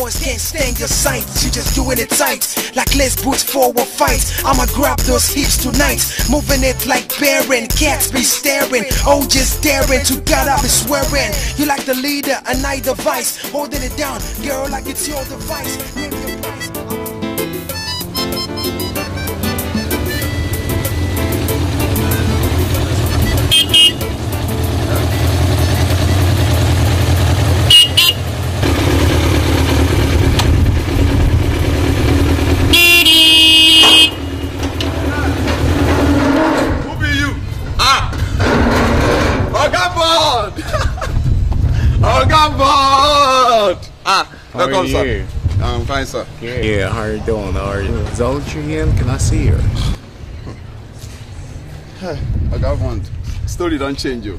boys can't stand your sight She just doing it tight Like let's boot forward, fight I'ma grab those hips tonight Moving it like Baron Cats be staring Oh just daring To God I be swearing You like the leader and I the vice Holding it down Girl like it's your device Welcome, you, I'm fine, sir. Yeah. yeah, how are you doing? Are you, is that what you Can I see her? I got one. Story don't change you.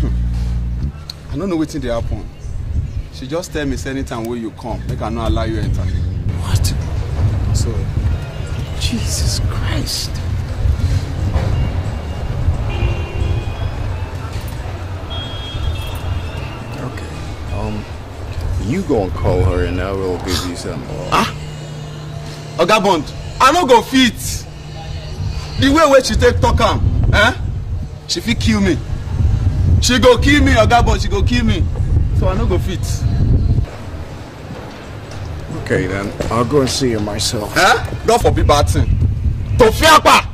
Hmm. I don't know what they happen. She just tell me say anytime where you come, make I not allow you enter. What? So, Jesus Christ. you gonna call her and I will give you some more. ah oga bond i no go fit the way wey she take talk am eh she fit kill me she go kill me oga bond she go kill me so i no go fit. okay then i'll go and see her myself. eh god forbid bad thing tofiapa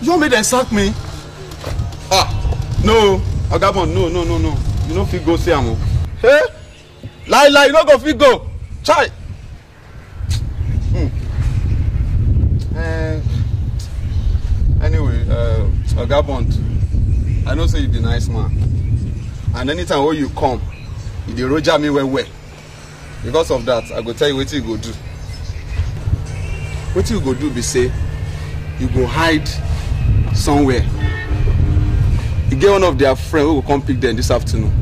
you want me dem sack me ah no oga bond no no no no you no fit go see am Eh? láíláí you no go fit go chai. Hmm. Eh, anyway eh, oga uh, bond i know say you be nice man and anytime wey you come you dey roja me well well because of that i go tell you wetin you go do wetin you go do be say you go hide somewhere e get one of their friend wey go come pick them this afternoon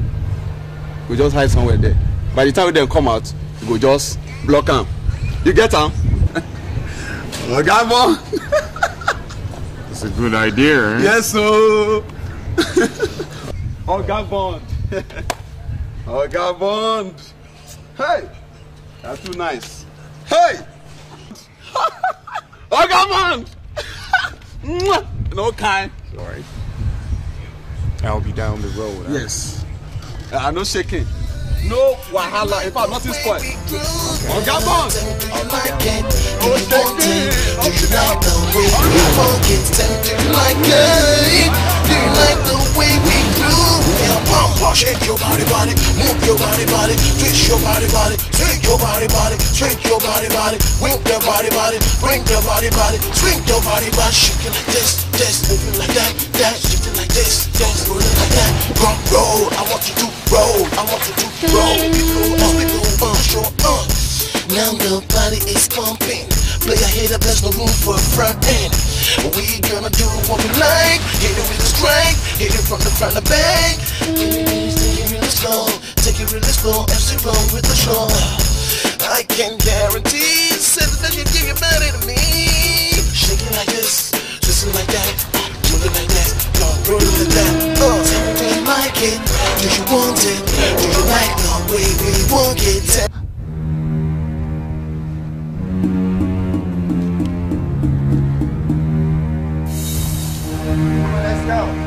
We just hide somewhere there by the time they come out you go just block him. you get am oga mo. it's a good idea. Eh? yes Oh, God, bond God, bond hey that's too nice hey God, bond no kind. sorry. I'll be down the road. Huh? Eh? Yes. I am no shaking no wahala in fact nothing spoil. ọ̀gá bọ́ọ̀lù. ó ṣe kí Do you like the way we feel pump, pump, shake your body, body, move your body, body, twist your body, body, shake your body, body, shake your body, body, wink your body, body, bring your body, body, swing your body, body, shake it like this, this, move it like that, that, shake it like this, this, move it like that, rock, roll, I want you to roll, I want you to roll, people, uh, people, uh, sure, uh. Now the body is pumping. Play a head up, there's no room for a front end. We gonna do what we like. Hit it with the strength. Hit it from the front of back. take it really slow. Take it really slow. MC roll with the show. I can guarantee, said that you give your body to me. Shake it like this, listen like that, move it like that, don't roll it like that. Oh, tell me, do you like it? Do you want it? Do you like the way we walk it? go.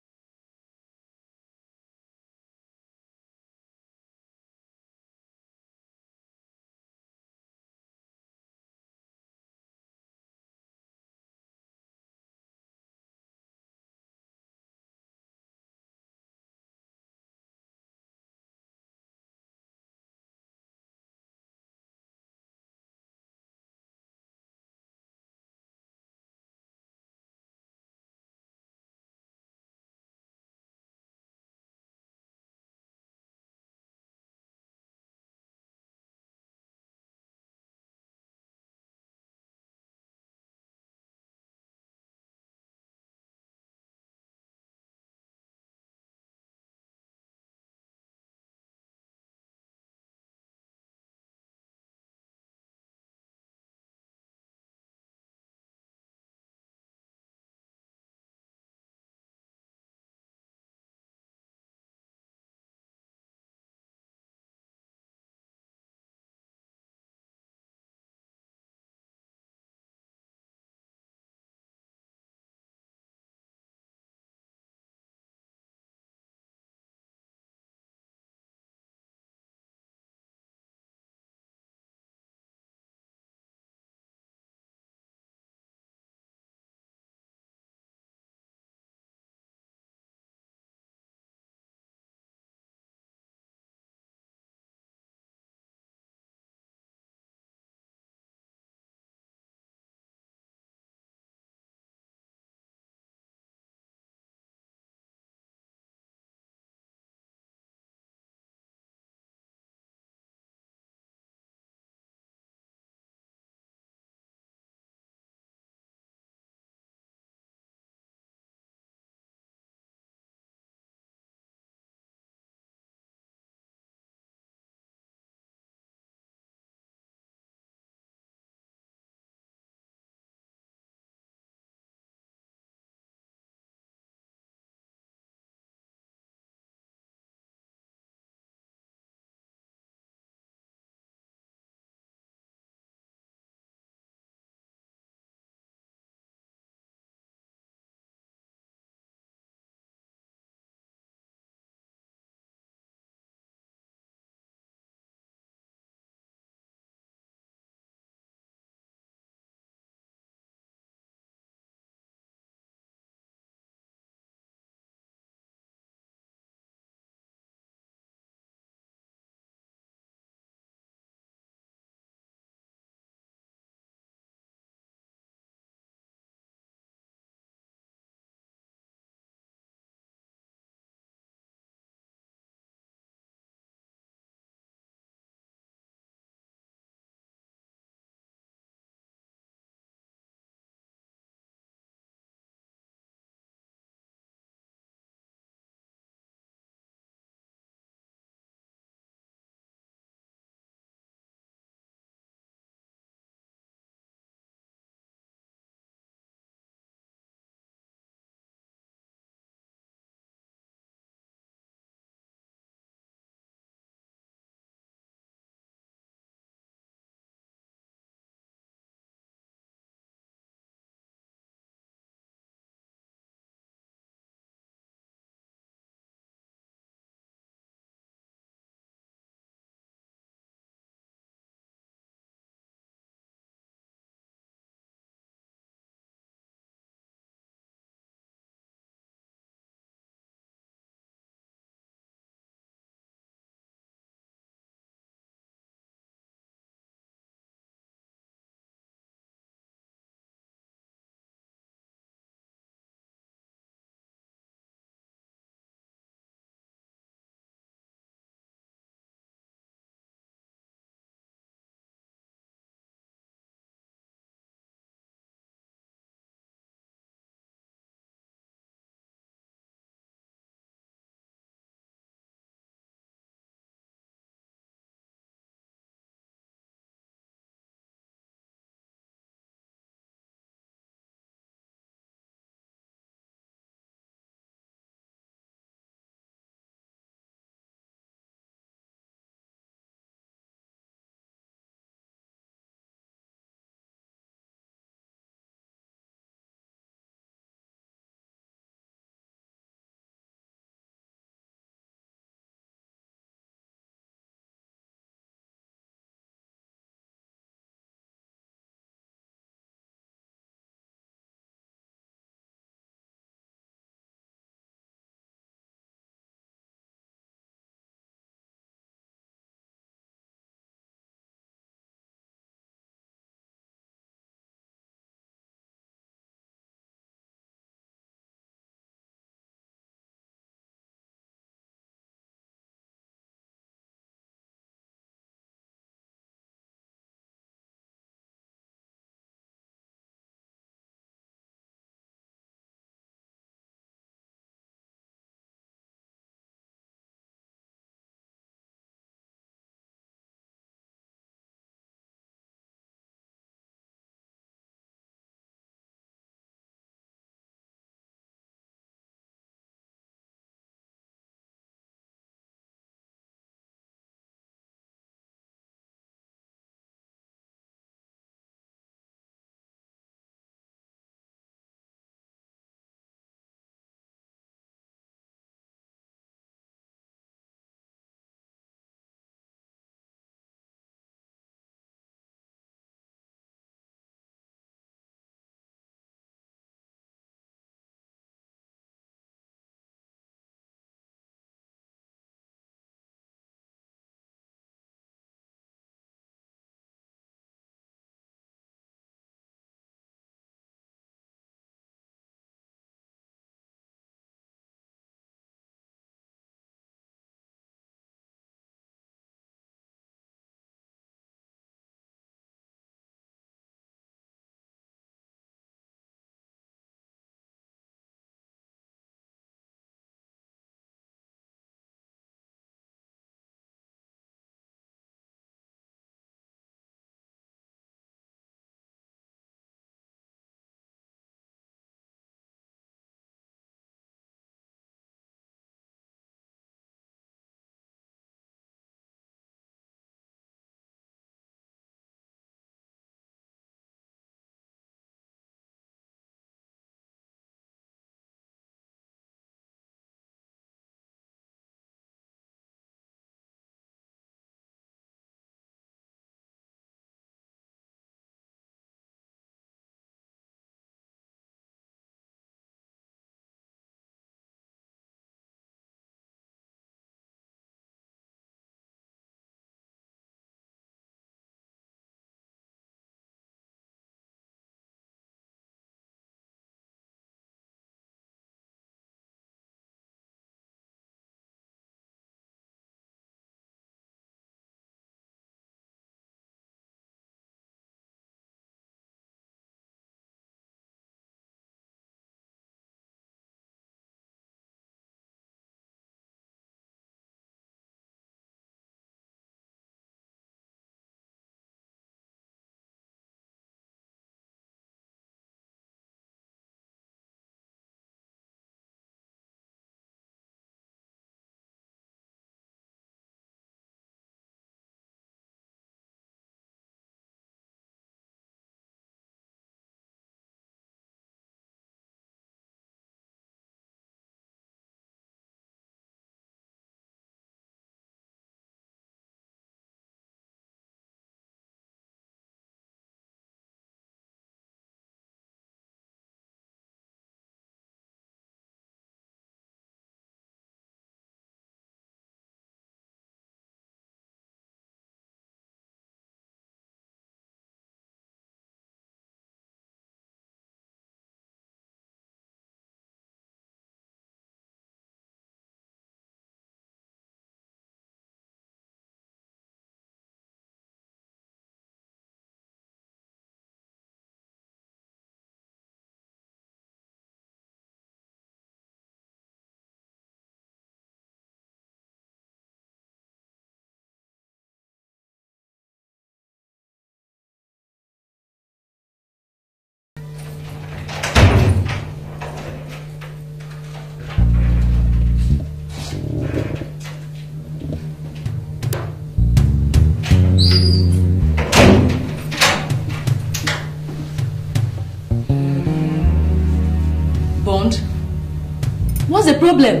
problem?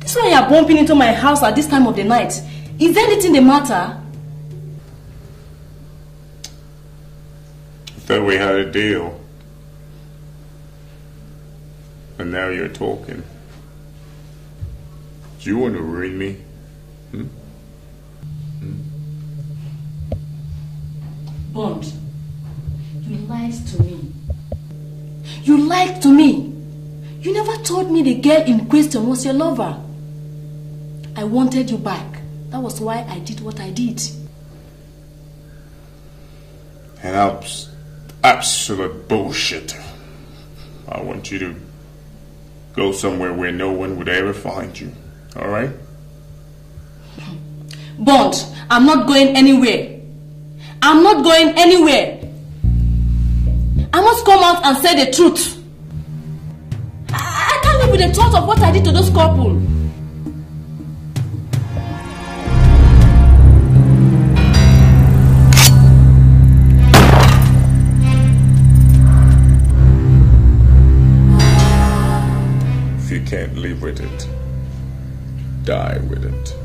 This one you're bumping into my house at this time of the night. Is there anything the matter? I thought we had a deal. And now you're talking. Do you want to ruin me? Hmm? Hmm? Bond, you lied to me. You lied to me. You never told me the girl in question was your lover. I wanted you back. That was why I did what I did. And abs absolute bullshit. I want you to go somewhere where no one would ever find you. Alright? Bond, I'm not going anywhere. I'm not going anywhere. I must come out and say the truth with the thought of what I did to those couple. If you can't live with it, die with it.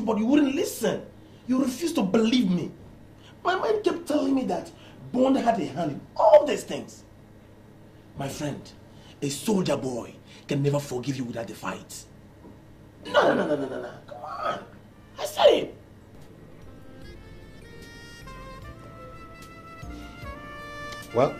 you, but you wouldn't listen. You refused to believe me. My mind kept telling me that Bond had a hand in all these things. My friend, a soldier boy can never forgive you without the fight. No, no, no, no, no, no, Come on. I said it. Well,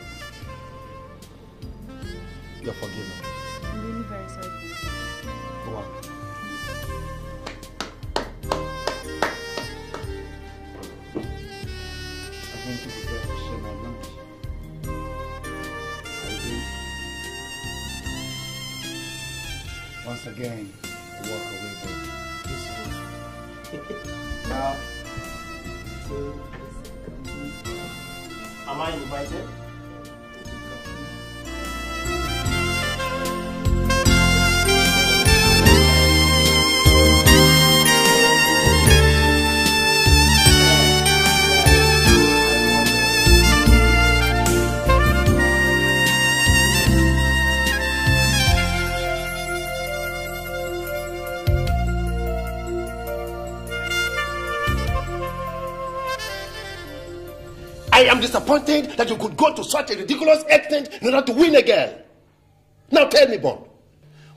I am disappointed that you could go to such a ridiculous extent in order to win a girl. Now tell me, Bond,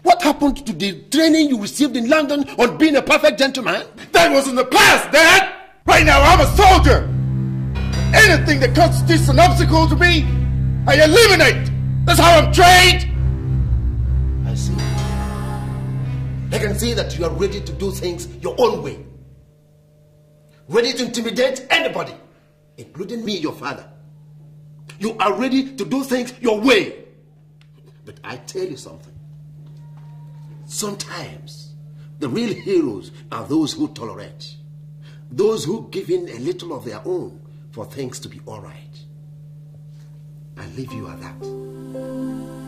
what happened to the training you received in London on being a perfect gentleman? That was in the past, Dad! Right now, I'm a soldier! Anything that constitutes an obstacle to me, I eliminate! That's how I'm trained! I see. I can see that you are ready to do things your own way. Ready to intimidate anybody including me, your father. You are ready to do things your way. But I tell you something. Sometimes the real heroes are those who tolerate, those who give in a little of their own for things to be all right. I leave you at that.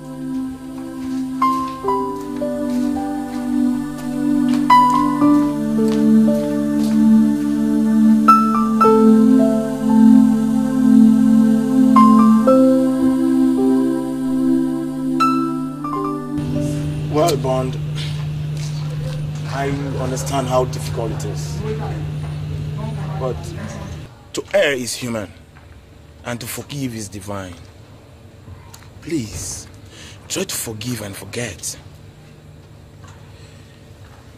Well, Bond, I understand how difficult it is. But to err is human, and to forgive is divine. Please, try to forgive and forget.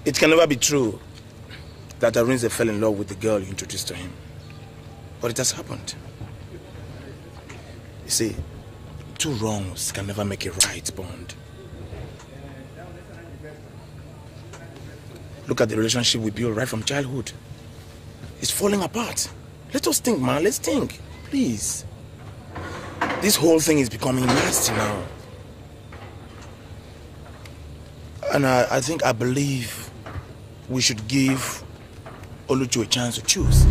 It can never be true that Arinze fell in love with the girl you introduced to him. But it has happened. You see, two wrongs can never make a right, Bond. Look at the relationship we built right from childhood. It's falling apart. Let us think, man. Let's think. Please. This whole thing is becoming nasty now. And I, I think I believe we should give Olucho a chance to choose.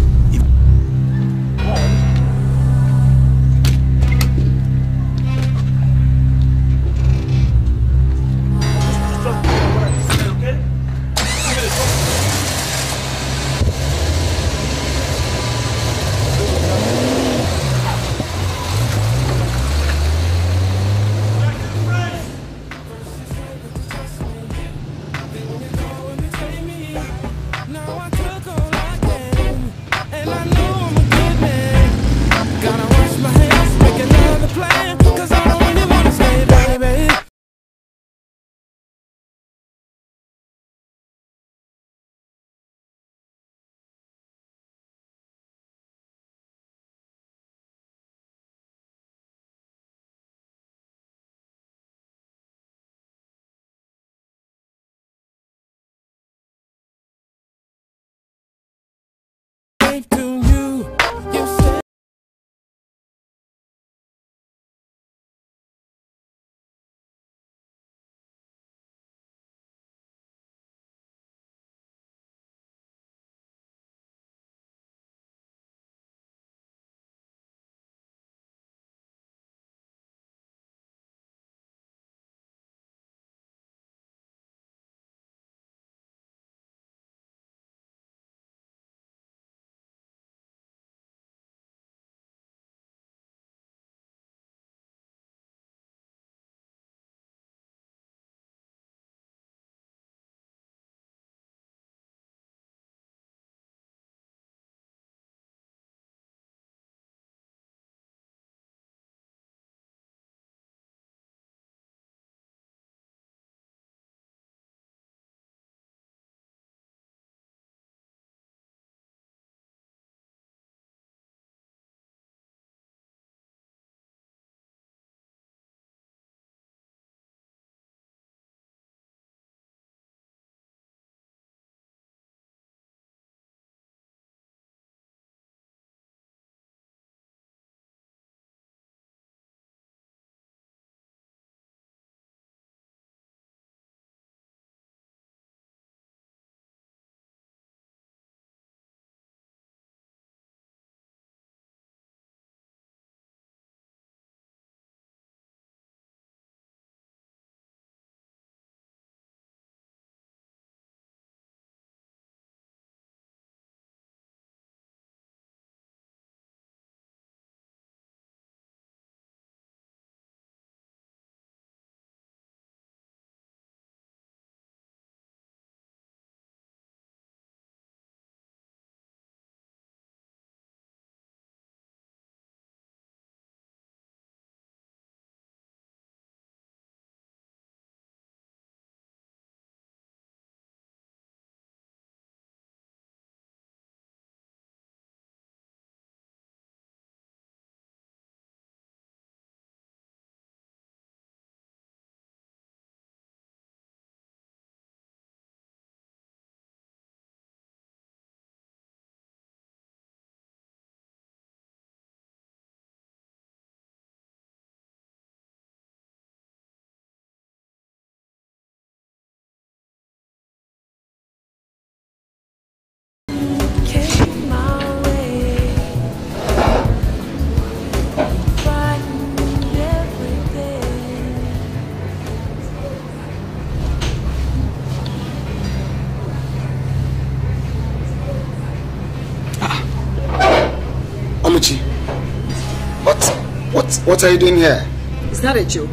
What are you doing here? Is that a joke?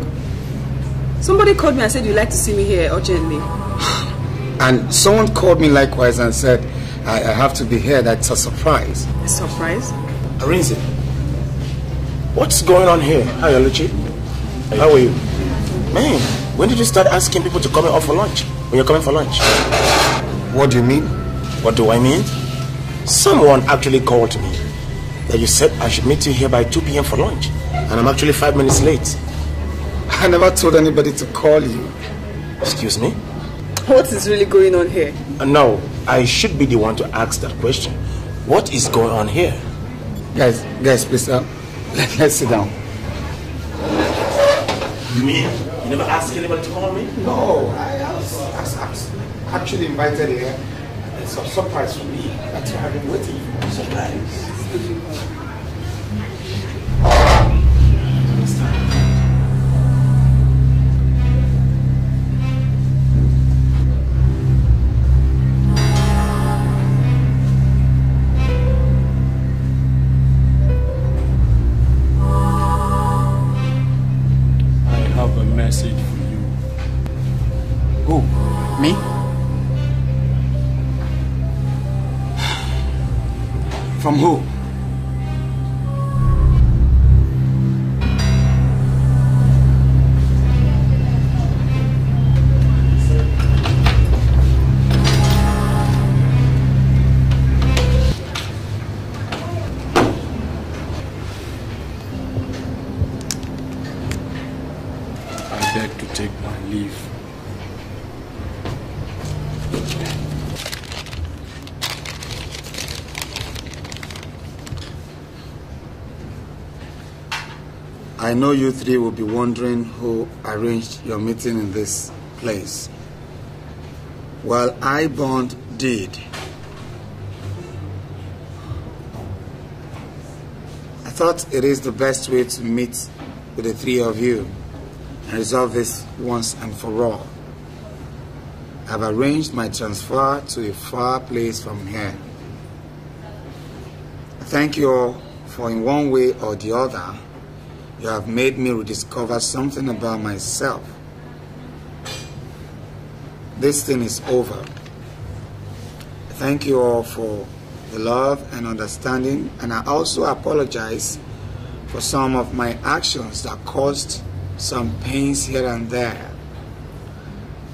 Somebody called me and said you'd like to see me here urgently. And someone called me likewise and said I, I have to be here. That's a surprise. A surprise? Arinze, what's going on here? Hi, Oluchi. How are you? Man, when did you start asking people to come out for lunch? When you're coming for lunch? What do you mean? What do I mean? Someone actually called me that you said I should meet you here by 2 p.m. for lunch and I'm actually five minutes late. I never told anybody to call you. Excuse me? What is really going on here? Uh, no, I should be the one to ask that question. What is going on here? Guys, guys, please, uh, let, let's sit down. You mean you never asked anybody to call me? No, I, was, actually invited here. It's a surprise for me. That's why I've been waiting for. Surprise. 哦。know you three will be wondering who arranged your meeting in this place. Well, I Bond did. I thought it is the best way to meet with the three of you and resolve this once and for all. I've arranged my transfer to a far place from here. Thank you all for in one way or the other you have made me rediscover something about myself. This thing is over. Thank you all for the love and understanding, and I also apologize for some of my actions that caused some pains here and there.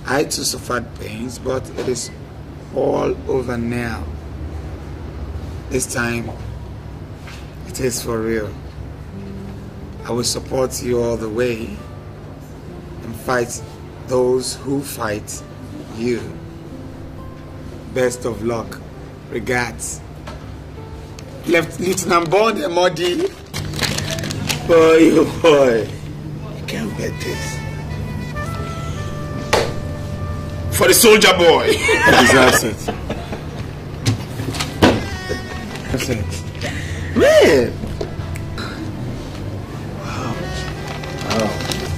I too suffered pains, but it is all over now. This time, it is for real. I will support you all the way and fight those who fight you. Best of luck. Regards. Left Lieutenant Bond Emodi. Boy, oh boy. You can't bet this. For the soldier boy. That deserves it. That's it. Man.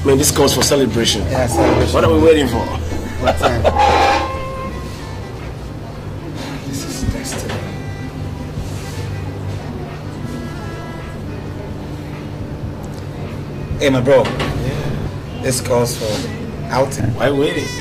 Man, this calls for celebration. Yeah, celebration. What are we waiting for? What time? this is destiny. Hey, my bro. Yeah. This calls for outing. Why waiting?